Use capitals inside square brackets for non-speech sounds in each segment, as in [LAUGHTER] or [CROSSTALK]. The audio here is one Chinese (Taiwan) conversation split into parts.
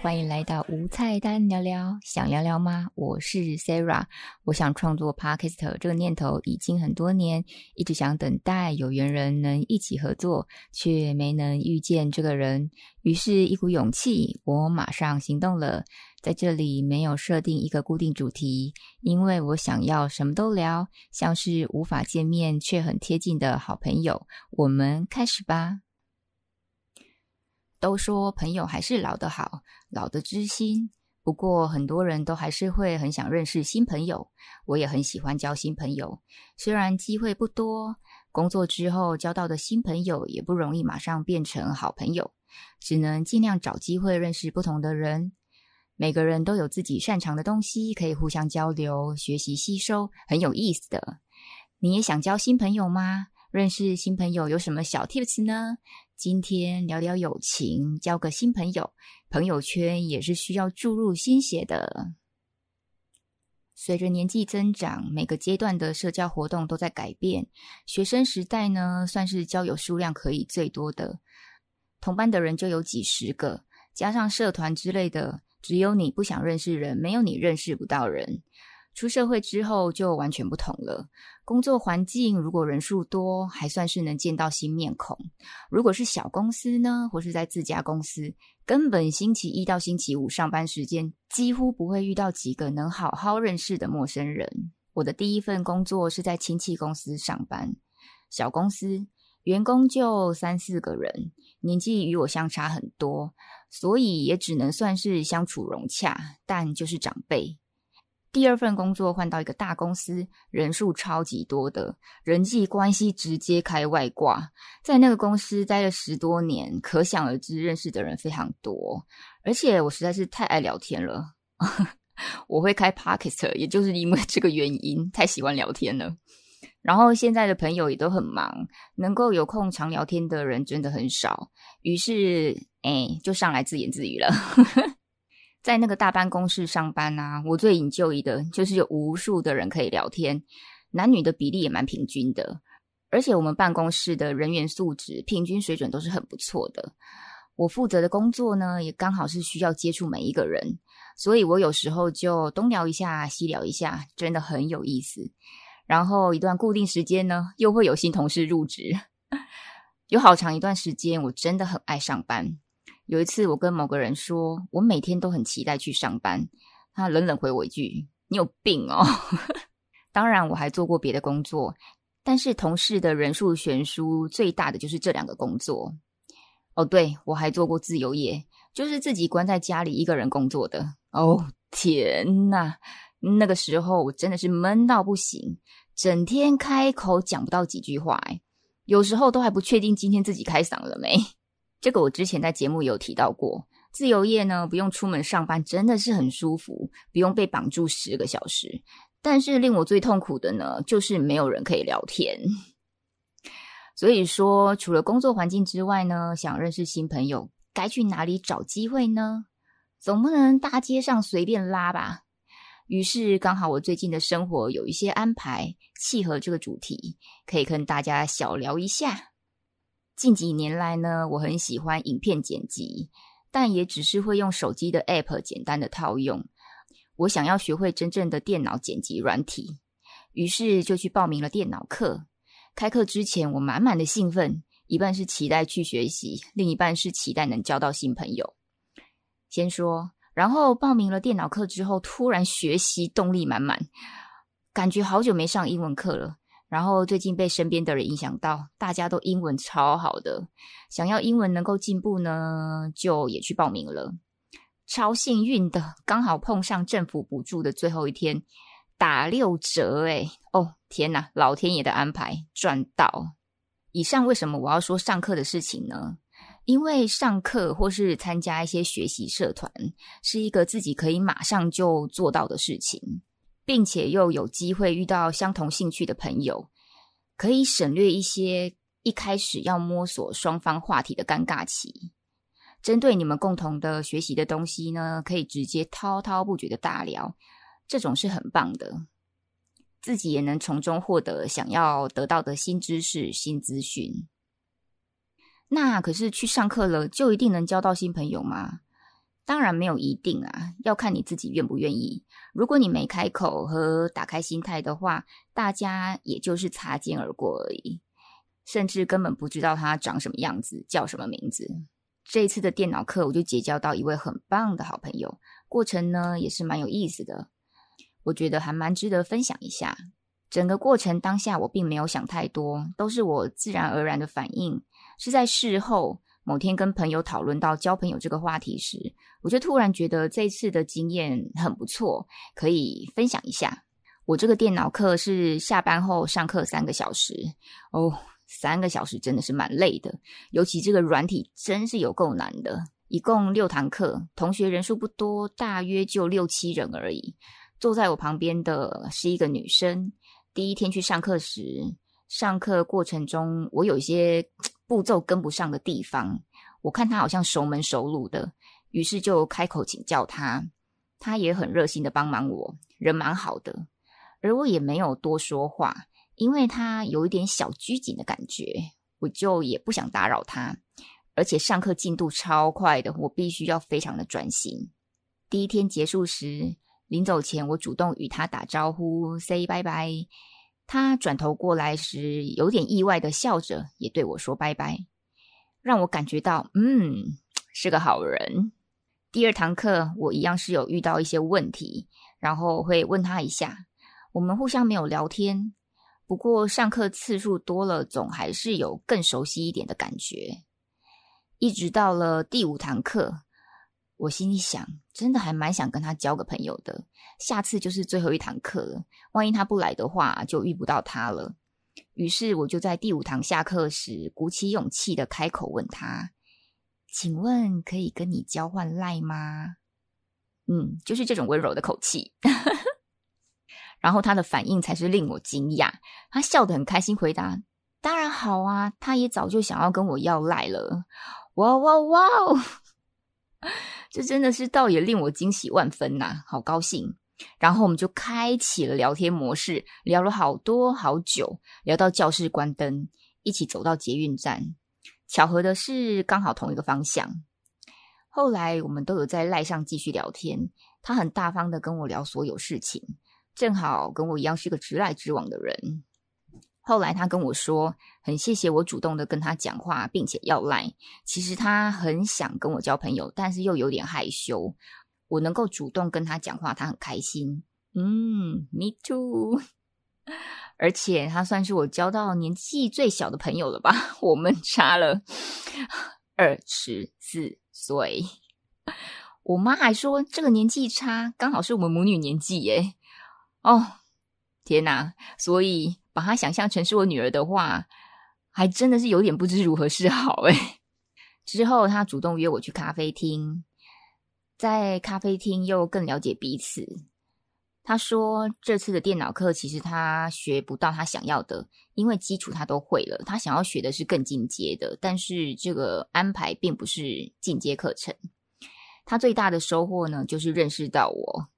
歡迎來到無菜單聊聊，想聊聊嗎？我是 Sara，我想創作 Podcast 這個念頭已經很多年，一直想等待有緣人能一起合作，卻沒能遇見這個人。於是，一股勇氣，我馬上行動了。在這裡沒有設定一個固定主題，因為我想要什麼都聊，像是無法見面卻很貼近的好朋友。我們開始吧。都說朋友還是老的好，老的知心。不過很多人都還是會很想認識新朋友，我也很喜歡交新朋友。雖然機會不多，工作之後交到的新朋友也不容易馬上變成好朋友，只能盡量找機會認識不同的人。每個人都有自己擅長的東西，可以互相交流、學習、吸收，很有意思的。你也想交新朋友嗎？認識新朋友有什麼小 tips 呢？今天聊聊友情，交個新朋友，朋友圈也是需要注入新血的。隨着年紀增長，每個階段的社交活動都在改變。學生時代呢，算是交友數量可以最多的，同班的人就有幾十個，加上社團之類的，只有你不想認識人，沒有你認識不到人。出社會之後就完全不同了。工作環境如果人數多，還算是能見到新面孔；如果是小公司呢，或是在自家公司，根本星期一到星期五上班時間，幾乎不會遇到幾個能好好認識的陌生人。我的第一份工作是在親戚公司上班，小公司員工就三四個人，年紀與我相差很多，所以也只能算是相處融洽，但就是長輩。第二份工作換到一個大公司，人數超級多的，人際關係直接開外掛，在那個公司待了十多年，可想而知認識的人非常多，而且我實在是太愛聊天了， [LAUGHS] 我會開 Podcast，也就是因為這個原因，太喜歡聊天了。然後現在的朋友也都很忙，能夠有空常聊天的人真的很少，於是，哎，就上來自言自語了。 [LAUGHS] 在那個大辦公室上班啊，我最 enjoy 的就是有無數的人可以聊天，男女的比例也蠻平均的，而且我們辦公室的人員素質，平均水準都是很不錯的。我負責的工作呢，也剛好是需要接觸每一個人，所以我有時候就東聊一下，西聊一下，真的很有意思。然後一段固定時間呢，又會有新同事入職， [LAUGHS] 有好長一段時間，我真的很愛上班。有一次，我跟某個人說，我每天都很期待去上班。他冷冷回我一句：“你有病哦！” [LAUGHS] 當然，我還做過別的工作，但是同事的人數懸殊最大的就是這兩個工作。哦對，對我還做過自由業，就是自己關在家裡一個人工作的。哦天哪，那個時候我真的是悶到不行，整天開口講不到幾句話，哎，有時候都還不確定今天自己開嗓了沒。這個我之前在節目有提到過，自由業呢，不用出門上班，真的是很舒服，不用被綁住十個小時。但是令我最痛苦的呢，就是沒有人可以聊天。所以說，除了工作環境之外呢，想認識新朋友，該去哪裡找機會呢？總不能大街上隨便拉吧。於是，剛好我最近的生活有一些安排，契合這個主題，可以跟大家小聊一下。近幾年來呢，我很喜歡影片剪輯，但也只是會用手機的 App 簡單的套用。我想要學會真正的電腦剪輯軟體，於是就去報名了電腦課。開課之前，我滿滿的興奮，一半是期待去學習，另一半是期待能交到新朋友。先說，然後報名了電腦課之後，突然學習動力滿滿，感覺好久沒上英文課了。然後最近被身邊的人影響到，大家都英文超好的，想要英文能夠進步呢，就也去報名了。超幸運的，剛好碰上政府補助的最後一天，打六折哎、欸！哦天吶，老天爺的安排，賺到！以上為什麼我要說上課的事情呢？因為上課或是參加一些學習社團，是一個自己可以馬上就做到的事情。並且又有機會遇到相同興趣的朋友，可以省略一些一開始要摸索雙方話題的尷尬期。針對你們共同的學習的東西呢，可以直接滔滔不絕的大聊，這種是很棒的，自己也能從中獲得想要得到的新知識、新資訊。那可是去上課了，就一定能交到新朋友嗎？當然沒有一定啊，要看你自己願不願意。如果你沒開口和打開心態的話，大家也就是擦肩而過而已，甚至根本不知道他長什麼樣子，叫什麼名字。這一次的電腦課，我就結交到一位很棒的好朋友，過程呢也是蠻有意思的，我覺得還蠻值得分享一下。整個過程當下我並沒有想太多，都是我自然而然的反應，是在事後。某天跟朋友討論到交朋友這個話題時，我就突然覺得這次的經驗很不錯，可以分享一下。我這個電腦課是下班後上課三個小時哦，三個小時真的是蠻累的，尤其這個軟體真是有夠難的。一共六堂課，同學人數不多，大約就六七人而已。坐在我旁邊的是一個女生。第一天去上課時，上課過程中我有一些。步驟跟不上的地方，我看他好像熟門熟路的，於是就開口請教他。他也很熱心的幫忙我，人蠻好的。而我也沒有多說話，因為他有一點小拘謹的感覺，我就也不想打擾他。而且上課進度超快的，我必須要非常的專心。第一天結束時，臨走前，我主動與他打招呼，say bye bye。他轉頭過來時，有點意外的笑着，也對我說拜拜，讓我感覺到，嗯，是個好人。第二堂課，我一樣是有遇到一些問題，然後會問他一下，我們互相沒有聊天，不過上課次數多了，總還是有更熟悉一點的感覺。一直到了第五堂課。我心裡想，真的還蠻想跟他交個朋友的。下次就是最後一堂課了，萬一他不來的話，就遇不到他了。於是我就在第五堂下課時，鼓起勇氣的開口問他：“請問可以跟你交換賴嗎？”嗯，就是這種溫柔的口氣。 [LAUGHS] 然後他的反應才是令我驚訝，他笑得很開心，回答：“當然好啊，他也早就想要跟我要賴了。”哇哇哇！ [LAUGHS] 這真的是倒也令我驚喜萬分吶、啊，好高興！然後我們就開啟了聊天模式，聊了好多好久，聊到教室關燈，一起走到捷運站。巧合的是，剛好同一個方向。後來我們都有在賴上繼續聊天，他很大方的跟我聊所有事情，正好跟我一樣是一個直來直往的人。後來他跟我說，很謝謝我主動的跟他講話，並且要賴。其實他很想跟我交朋友，但是又有點害羞。我能夠主動跟他講話，他很開心。嗯，me too。而且他算是我交到年紀最小的朋友了吧？我們差了二十四歲。我媽還說，這個年紀差剛好是我們母女年紀耶。哦，天吶，所以。把他想象成是我女兒的話，還真的是有點不知如何是好誒。之後他主動約我去咖啡廳，在咖啡廳又更了解彼此。他說這次的電腦課其實他學不到他想要的，因為基礎他都會了，他想要學的是更進階的，但是這個安排並不是進階課程。他最大的收穫呢，就是認識到我。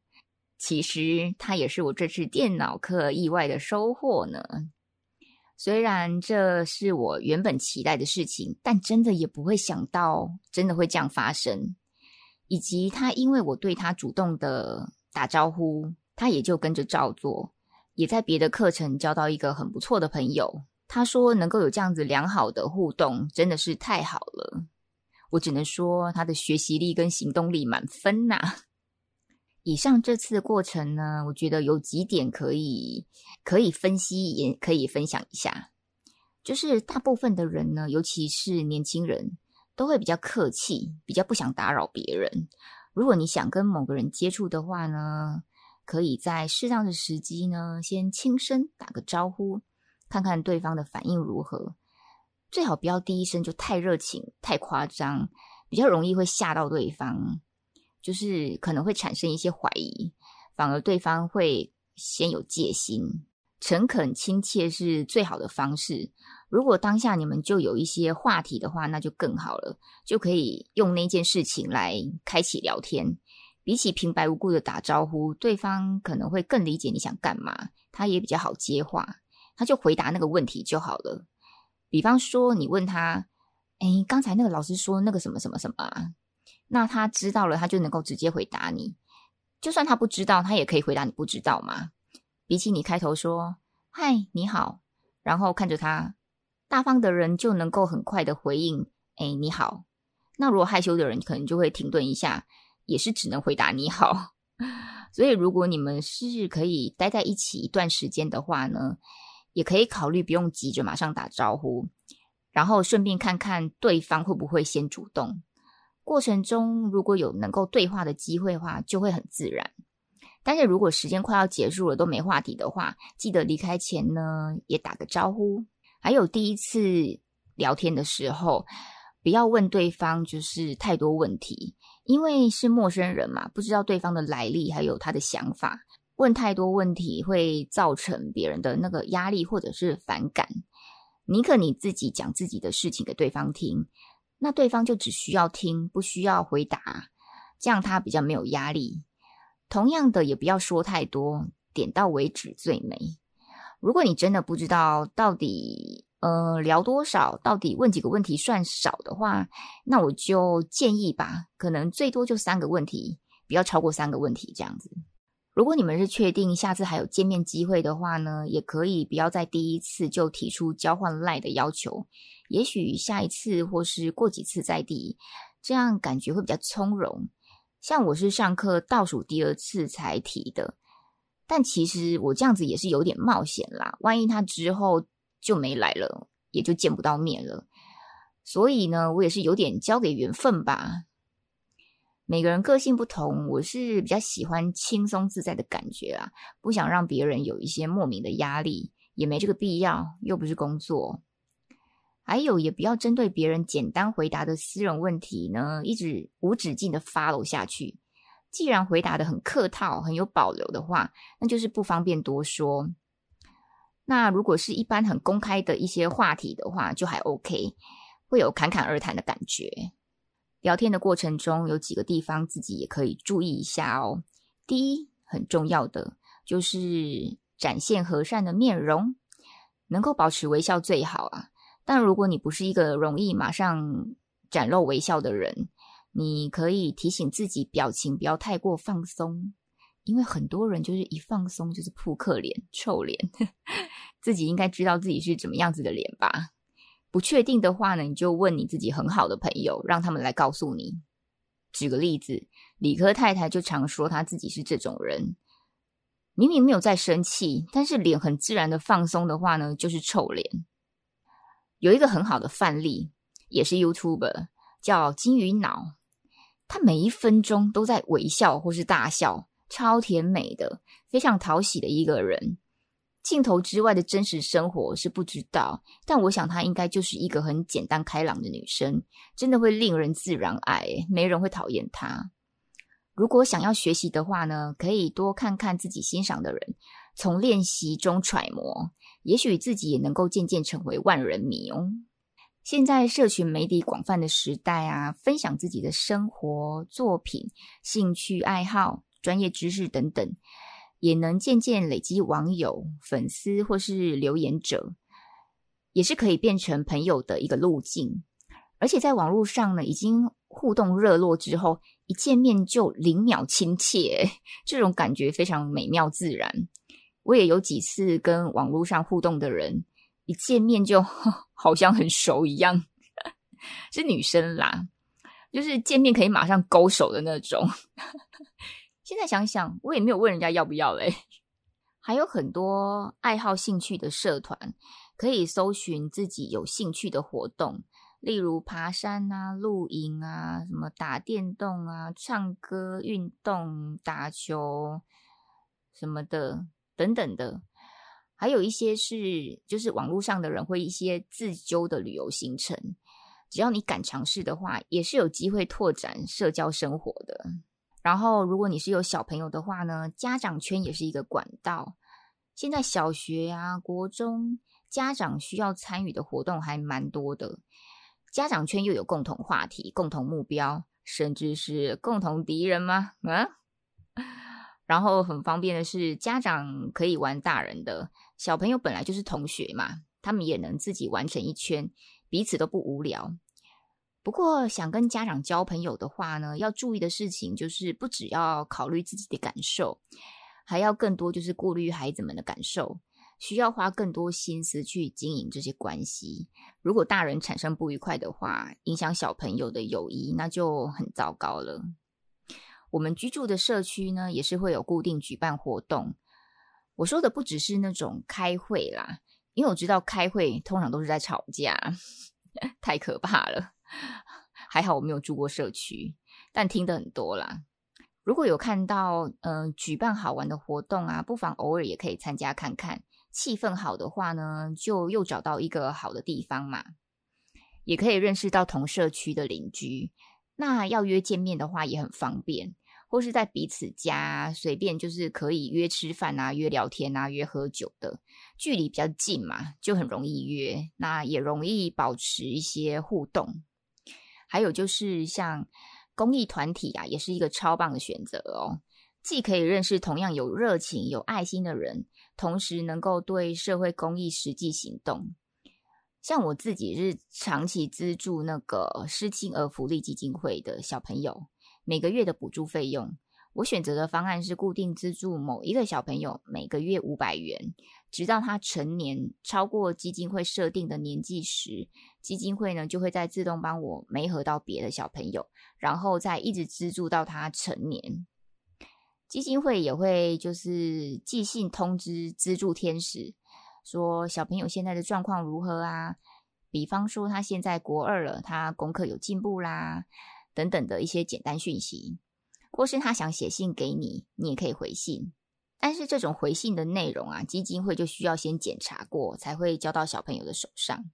其實他也是我這次電腦課意外的收穫呢。雖然這是我原本期待的事情，但真的也不會想到真的會這樣發生。以及他因為我對他主動的打招呼，他也就跟着照做，也在別的課程交到一個很不錯的朋友。他說能夠有這樣子良好的互動，真的是太好了。我只能說他的學習力跟行動力滿分吶、啊。以上這次的過程呢，我覺得有幾點可以可以分析，也可以分享一下。就是大部分的人呢，尤其是年輕人，都會比較客氣，比較不想打擾別人。如果你想跟某個人接觸的話呢，可以在適當的時機呢，先輕聲打個招呼，看看對方的反應如何。最好不要第一聲就太熱情、太誇張，比較容易會嚇到對方。就是可能會產生一些懷疑，反而對方會先有戒心。誠懇親切是最好的方式。如果當下你們就有一些話題的話，那就更好了，就可以用那件事情來開啟聊天。比起平白無故的打招呼，對方可能會更理解你想幹嘛，他也比較好接話，他就回答那個問題就好了。比方說，你問他：“哎，剛才那個老師說那個什麼什麼什麼啊？”那他知道了，他就能夠直接回答你；就算他不知道，他也可以回答你不知道嘛。比起你開頭說“嗨，你好”，然後看着他，大方的人就能夠很快的回應“哎，你好”。那如果害羞的人，可能就會停頓一下，也是只能回答“你好。” [LAUGHS] 所以，如果你們是可以待在一起一段時間的話呢，也可以考慮不用急着馬上打招呼，然後順便看看對方會不會先主動。過程中，如果有能夠對話的機會的話，就會很自然。但是如果時間快要結束了都沒話題的話，記得離開前呢也打個招呼。還有第一次聊天的時候，不要問對方就是太多問題，因為是陌生人嘛，不知道對方的來歷還有他的想法，問太多問題會造成別人的那個壓力或者是反感。寧可你自己講自己的事情給對方聽。那對方就只需要聽，不需要回答，這樣他比較沒有壓力。同樣的，也不要說太多，點到為止最美。如果你真的不知道到底呃聊多少，到底問幾個問題算少的話，那我就建議吧，可能最多就三個問題，不要超過三個問題這樣子。如果你們是確定下次還有見面機會的話呢，也可以不要在第一次就提出交換 LINE 的要求。也許下一次或是過幾次再提，這樣感覺會比較從容。像我是上課倒數第二次才提的，但其實我這樣子也是有點冒險啦。萬一他之後就沒來了，也就見不到面了。所以呢，我也是有點交給緣分吧。每個人個性不同，我是比較喜歡輕鬆自在的感覺啊，不想讓別人有一些莫名的壓力，也沒這個必要，又不是工作。還有，也不要針對別人簡單回答的私人問題呢，一直無止境地 follow 下去。既然回答得很客套、很有保留的話，那就是不方便多說。那如果是一般很公開的一些話題的話，就還 OK，會有侃侃而談的感覺。聊天的過程中，有幾個地方自己也可以注意一下哦。第一，很重要的就是展現和善的面容，能夠保持微笑最好啊。但如果你不是一個容易馬上展露微笑的人，你可以提醒自己表情不要太過放鬆，因為很多人就是一放鬆就是撲克臉、臭臉。 [LAUGHS] 自己應該知道自己是怎麼樣子的臉吧？不確定的話呢，你就問你自己很好的朋友，讓他們來告訴你。舉個例子，理科太太就常說她自己是這種人，明明沒有在生氣，但是臉很自然的放鬆的話呢，就是臭臉。有一個很好的範例，也是 YouTuber，叫“金魚腦”。她每一分鐘都在微笑或是大笑，超甜美的，非常討喜的一個人。鏡頭之外的真實生活是不知道，但我想她應該就是一個很簡單開朗的女生，真的會令人自然愛，沒人會討厭她。如果想要學習的話呢，可以多看看自己欣賞的人，從練習中揣摩。也許自己也能夠漸漸成為萬人迷哦。現在社群媒體廣泛的時代啊，分享自己的生活、作品、興趣愛好、專業知識等等，也能漸漸累積網友、粉絲或是留言者，也是可以變成朋友的一個路徑。而且在網絡上呢，已經互動熱絡之後，一見面就零秒親切，這種感覺非常美妙自然。我也有幾次跟網絡上互動的人一見面就好像很熟一樣，是女生啦，就是見面可以馬上勾手的那種。現在想想，我也沒有問人家要不要嘞。還有很多愛好興趣的社團，可以搜尋自己有興趣的活動，例如爬山啊、露營啊、什麼打電動啊、唱歌、運動、打球什麼的。等等的，還有一些是，就是網絡上的人會一些自揪的旅遊行程，只要你敢嘗試的話，也是有機會拓展社交生活的。然後，如果你是有小朋友的話呢，家長圈也是一個管道。現在小學啊、國中家長需要參與的活動還蠻多的，家長圈又有共同話題、共同目標，甚至是共同敵人嗎？嗯、啊。然後很方便的是，家長可以玩大人的，小朋友本來就是同學嘛，他們也能自己玩成一圈，彼此都不無聊。不過想跟家長交朋友的話呢，要注意的事情就是，不只要考慮自己的感受，還要更多就是顧慮孩子們的感受，需要花更多心思去經營這些關係。如果大人產生不愉快的話，影響小朋友的友誼，那就很糟糕了。我們居住的社區呢，也是會有固定舉辦活動。我說的不只是那種開會啦，因為我知道開會通常都是在吵架，太可怕了。還好我沒有住過社區，但聽得很多啦。如果有看到嗯、呃、舉辦好玩的活動啊，不妨偶爾也可以參加看看。氣氛好的話呢，就又找到一個好的地方嘛，也可以認識到同社區的鄰居。那要約見面的話也很方便。或是在彼此家隨便，就是可以約吃飯啊、約聊天啊、約喝酒的，距離比較近嘛，就很容易約，那也容易保持一些互動。還有就是像公益團體啊，也是一個超棒的選擇哦，既可以認識同樣有熱情、有愛心的人，同時能夠對社會公益實際行動。像我自己是長期資助那個失親兒福利基金會的小朋友，每個月的補助費用，我選擇的方案是固定資助某一個小朋友每個月五百元，直到他成年超過基金會設定的年紀時，基金會呢就會再自動幫我媒合到別的小朋友，然後再一直資助到他成年。基金會也會就是寄信通知資助天使，說小朋友現在的狀況如何啊？比方說他現在國二了，他功課有進步啦。等等的一些簡單訊息，或是他想寫信給你，你也可以回信。但是這種回信的內容啊，基金會就需要先檢查過，才會交到小朋友的手上。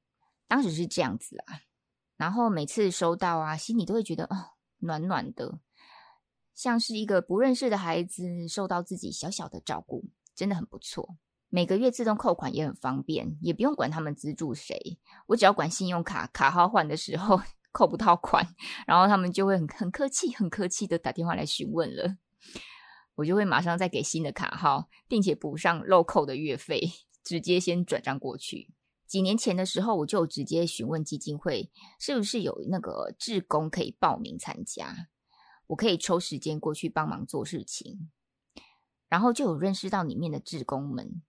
當時是這樣子啊，然後每次收到啊，心裡都會覺得哦、呃，暖暖的，像是一個不認識的孩子受到自己小小的照顧，真的很不錯。每個月自動扣款也很方便，也不用管他們資助誰，我只要管信用卡卡號換的時候。 [LAUGHS] 扣不到款，然後他們就會很很客氣、很客氣地打電話來詢問了。我就會馬上再給新的卡號，並且補上漏扣的月費，直接先轉賬過去。幾年前的時候，我就直接詢問基金會是不是有那個志工可以報名參加，我可以抽時間過去幫忙做事情。然後就有認識到裡面的志工們，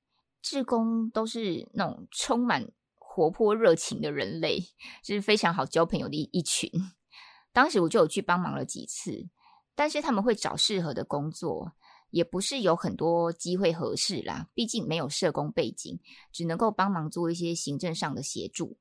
志工都是那種充滿。活潑熱情的人類，就是非常好交朋友的一一群。當時我就有去幫忙了幾次，但是他們會找適合的工作，也不是有很多機會合適啦。畢竟沒有社工背景，只能夠幫忙做一些行政上的協助。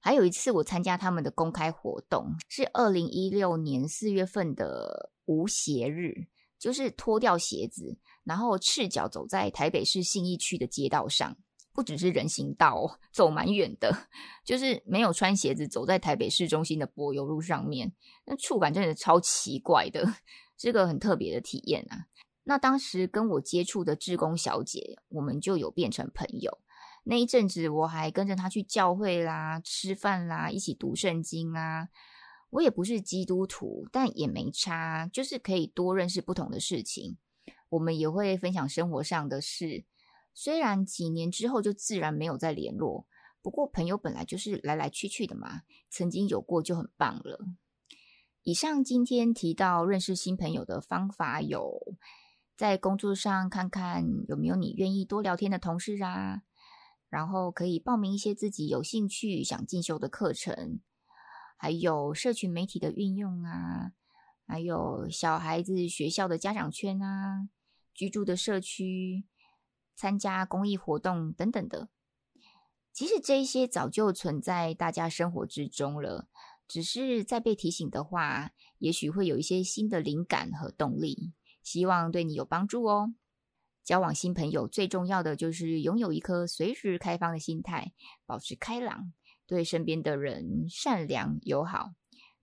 還有一次，我參加他們的公開活動，是二零一六年四月份的無鞋日，就是脫掉鞋子，然後赤腳走在台北市信義區的街道上。不只是人行道，走蠻遠的，就是沒有穿鞋子走在台北市中心的柏油路上面，那觸感真的超奇怪的，這個很特別的體驗啊。那當時跟我接觸的志工小姐，我們就有變成朋友。那一陣子我還跟着她去教會啦、吃飯啦、一起讀聖經啊。我也不是基督徒，但也沒差，就是可以多認識不同的事情。我們也會分享生活上的事。雖然幾年之後就自然沒有再聯絡，不過朋友本來就是來來去去的嘛，曾經有過就很棒了。以上今天提到認識新朋友的方法有，在工作上看看有沒有你願意多聊天的同事啊，然後可以報名一些自己有興趣想進修的課程，還有社群媒體的運用啊，還有小孩子學校的家長圈啊，居住的社區，參加公益活動等等的，其實這一些早就存在大家生活之中了，只是在被提醒的話，也許會有一些新的靈感和動力。希望對你有幫助哦。交往新朋友最重要的就是擁有一顆隨時開放的心態，保持開朗，對身邊的人善良友好，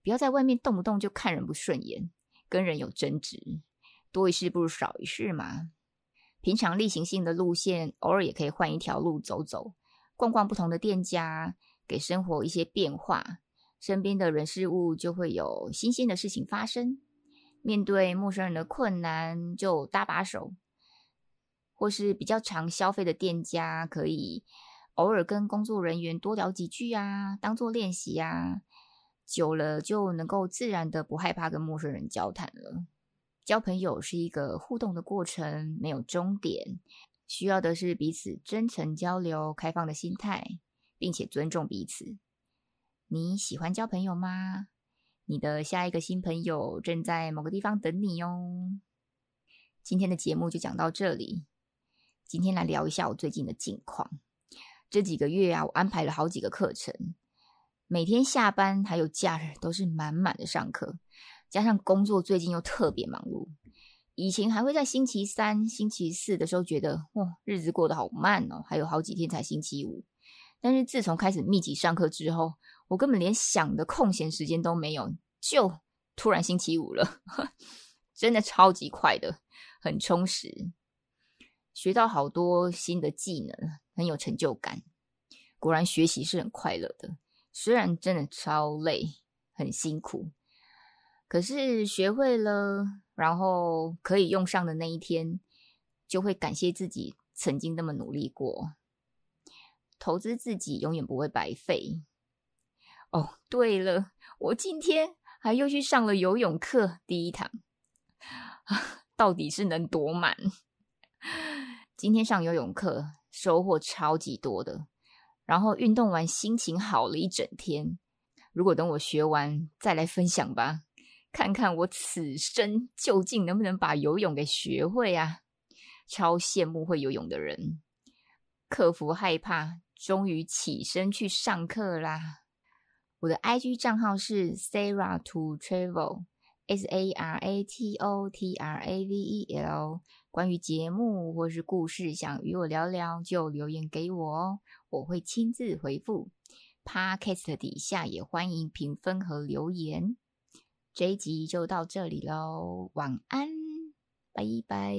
不要在外面動不動就看人不順眼，跟人有爭執，多一事不如少一事嘛。平常例行性的路線，偶爾也可以換一條路走走，逛逛不同的店家，給生活一些變化。身邊的人事物就會有新鮮的事情發生。面對陌生人的困難，就搭把手；或是比較常消費的店家，可以偶爾跟工作人員多聊幾句啊，當做練習啊。久了就能夠自然的不害怕跟陌生人交談了。交朋友是一個互動的過程，沒有終點，需要的是彼此真誠交流、開放的心態，並且尊重彼此。你喜歡交朋友嗎？你的下一個新朋友正在某個地方等你喲，今天的節目就講到這裡。今天來聊一下我最近的近況。這幾個月啊，我安排了好幾個課程，每天下班還有假日都是滿滿的上課。加上工作最近又特別忙碌，以前還會在星期三、星期四的時候覺得，哦，日子過得好慢哦，還有好幾天才星期五。但是自從開始密集上課之後，我根本連想的空閒時間都沒有，就突然星期五了，呵，真的超級快的，很充實，學到好多新的技能，很有成就感。果然學習是很快樂的，雖然真的超累，很辛苦。可是學會了，然後可以用上的那一天，就會感謝自己曾經那麼努力過。投資自己永遠不會白費。哦，對了，我今天還又去上了游泳課第一堂，啊，到底是能多滿？今天上游泳課收穫超級多的，然後運動完心情好了一整天。如果等我學完再來分享吧。看看我此生究竟能不能把游泳給學會啊！超羨慕會游泳的人，克服害怕，終於起身去上課啦。我的 IG 賬號是 sara to travel，S A R A T O T R A V E L。關於節目或是故事，想與我聊聊，就留言給我哦，我會親自回復。Podcast 底下也歡迎評分和留言。這一集就到這裡嘍，晚安，拜拜。